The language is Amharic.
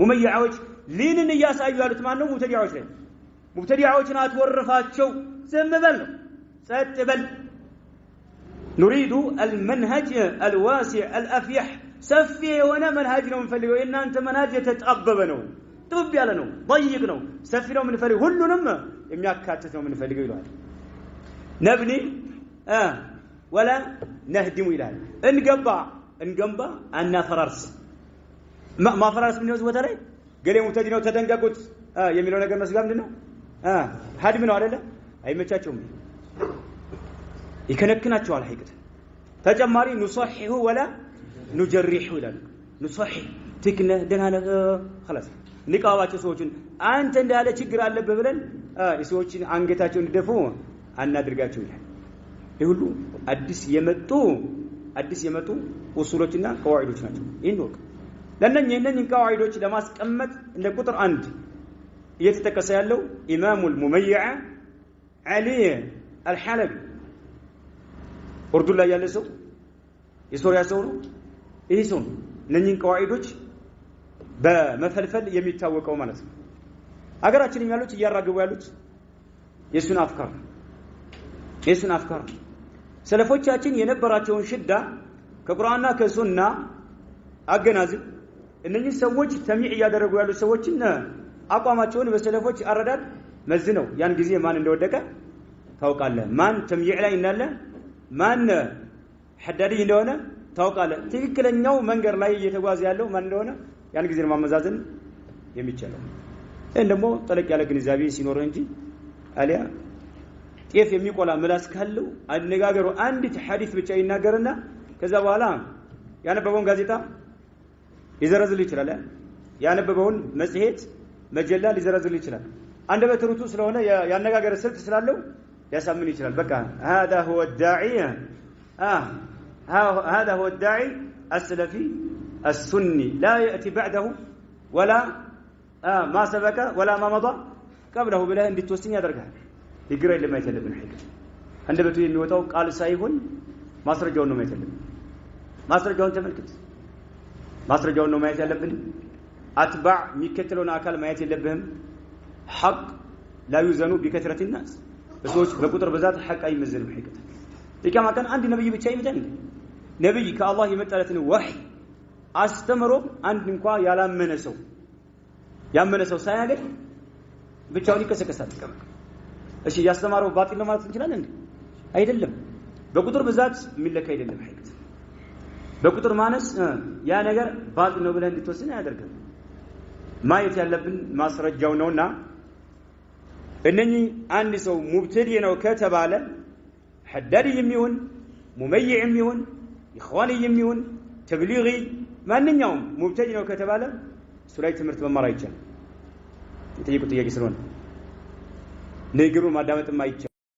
مميعوش لين النياس أيها الأتمان مبتدعوش لين مبتدعوش نات ورفاتشو سنببل ستبل نريد المنهج الواسع الأفيح سفي ونا منهجنا من مفلقو وإن أنت منهج تتقبب نو تبب يالا نو ضيق نو سفي نو منفلقو هلو نم إمياك كاتت من منفلقو يلوان نبني آه ولا نهدم إلى إن قبع إن قبع أن نفررس ማፈራረስ ምንድነው? ቦታ ላይ ገሌ ሙተዲ ነው ተደንገቁት የሚለው ነገር መስጋ ምንድነው? ሀድም ነው አይደለ? አይመቻቸውም፣ ይከነክናቸዋል። ሀይቅት ተጨማሪ ኑሰሂሁ ወላ ኑጀሪሁ ይላሉ። ኑሰሂ ትክነ ደናነ خلاص ንቃባቸው ሰዎችን አንተ እንዳለ ችግር አለብህ ብለን ሰዎችን አንገታቸው እንዲደፉ አናድርጋቸው ይላል። ይህ ሁሉ አዲስ የመጡ አዲስ የመጡ ኡሱሎችና ቀዋዒዶች ናቸው። ይህን ወቅ ለእነኝ የእነኝን ቀዋዒዶች ለማስቀመጥ እንደ ቁጥር አንድ እየተጠቀሰ ያለው ኢማሙ ልሙመይዐ ዓሊ አልሐለቢ ኡርዱን ላይ ያለ ሰው የሶሪያ ሰው ነው። ይህ ሰው ነው እነኝን ቀዋዒዶች በመፈልፈል የሚታወቀው ማለት ነው። ሀገራችንም ያሉት እያራገቡ ያሉት የእሱን አፍካር ነው። የእሱን አፍካር ነው። ሰለፎቻችን የነበራቸውን ሽዳ ከቁርአንና ከሱና አገናዝብ እነዚህ ሰዎች ተሚዕ እያደረጉ ያሉ ሰዎችን አቋማቸውን በሰለፎች አረዳድ መዝነው ያን ጊዜ ማን እንደወደቀ ታውቃለህ። ማን ተሚዕ ላይ እንዳለ ማን ሐዳዲ እንደሆነ ታውቃለህ። ትክክለኛው መንገድ ላይ እየተጓዘ ያለው ማን እንደሆነ ያን ጊዜ ማመዛዘን የሚቻለው ይህን ደግሞ ጠለቅ ያለ ግንዛቤ ሲኖር እንጂ አሊያ ጤፍ የሚቆላ ምላስ ካለው አነጋገሩ አንዲት ሐዲስ ብቻ ይናገርና ከዛ በኋላ ያነበበውን ጋዜጣ ሊዘረዝል ይችላል። ያነበበውን መጽሔት መጀላ ሊዘረዝል ይችላል። አንድ ርቱዕ ስለሆነ የአነጋገር ስልት ስላለው ሊያሳምን ይችላል። በቃ ሀዛ ሁወ ዳዒ ሀዛ ሁወ ዳዒ አስለፊ አሱኒ ላ የእቲ በዕደሁ ወላ ማ ሰበቀ ወላ ማ መዳ ቀብለሁ ብለህ እንድትወስኝ ያደርግሃል። ችግር ማየት ያለብን አንደበቱ የሚወጣው ቃል ሳይሆን ማስረጃውን ነው ማየት ያለብን። ማስረጃውን ተመልክት። ማስረጃውን ነው ማየት ያለብን። አትባዕ የሚከተለውን አካል ማየት የለብህም። ሐቅ ላዩዘኑ ቢከትረት ናስ በሰዎች በቁጥር ብዛት ሐቅ አይመዘንም። ሐቂቀት ኢቃማ ቀን አንድ ነብይ ብቻ ይመጣል። ነብይ ከአላህ የመጣለትን ወህይ አስተምሮ አንድ እንኳ ያላመነ ሰው ያመነ ሰው ሳያገኝ ብቻውን ይቀሰቀሳል። ኢቃማ እሺ፣ ያስተማረው ባጢል ነው ማለት እንችላለን እንዴ? አይደለም። በቁጥር ብዛት የሚለካ አይደለም ሐቅ በቁጥር ማነስ ያ ነገር ባጥ ነው ብለህ እንድትወስን አያደርግም። ማየት ያለብን ማስረጃው ነውና እነኚህ አንድ ሰው ሙብትድዕ ነው ከተባለ ሐዳድ የሚሆን ሙመይዕም የሚሆን ኢኽዋንይም የሚሆን ተብሊጊ ማንኛውም ሙብተጅ ነው ከተባለ እሱ ላይ ትምህርት መማር አይቻልም። የጠየቁት ጥያቄ ስለሆነ ንግግሩን ማዳመጥም አይቻልም።